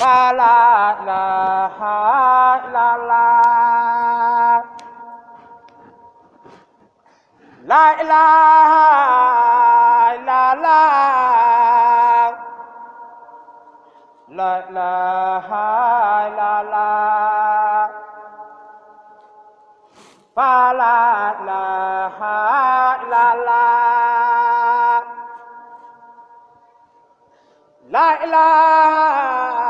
wa la ilaha illallah la ilaha illallah la ilaha illallah wa la ilaha illallah la ilaha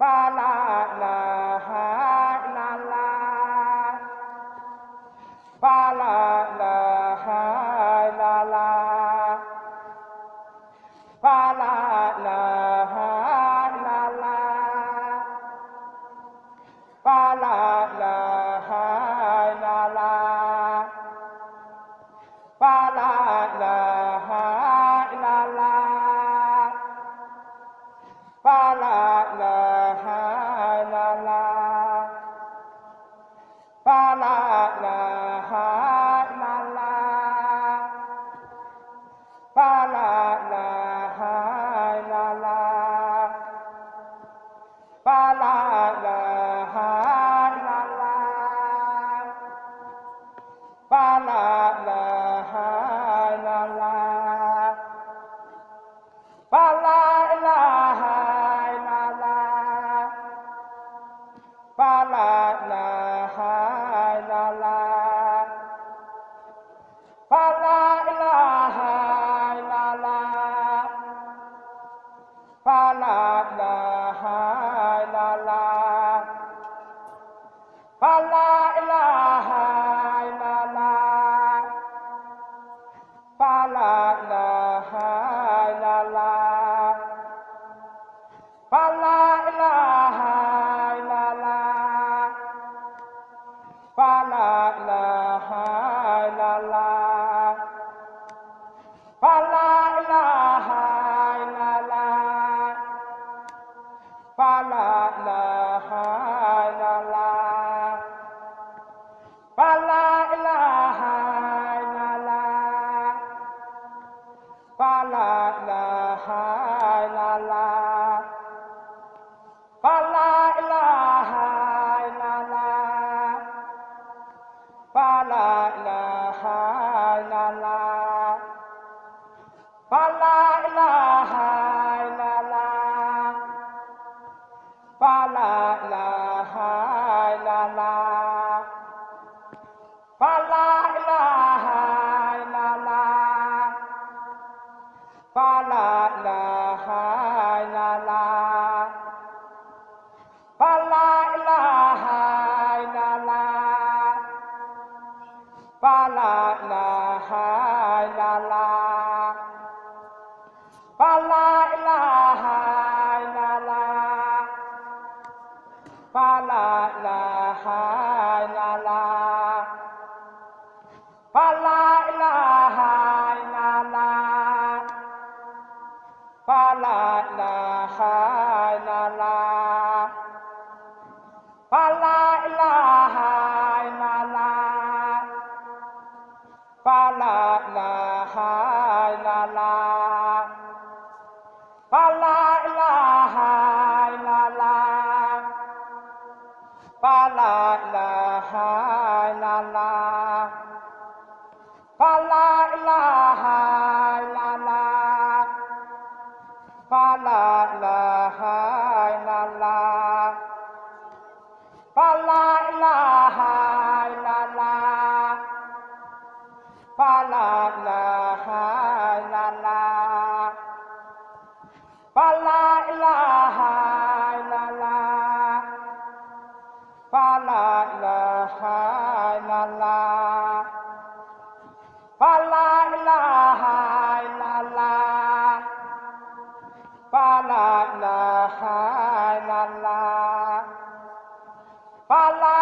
fa la la la la Fala la la la la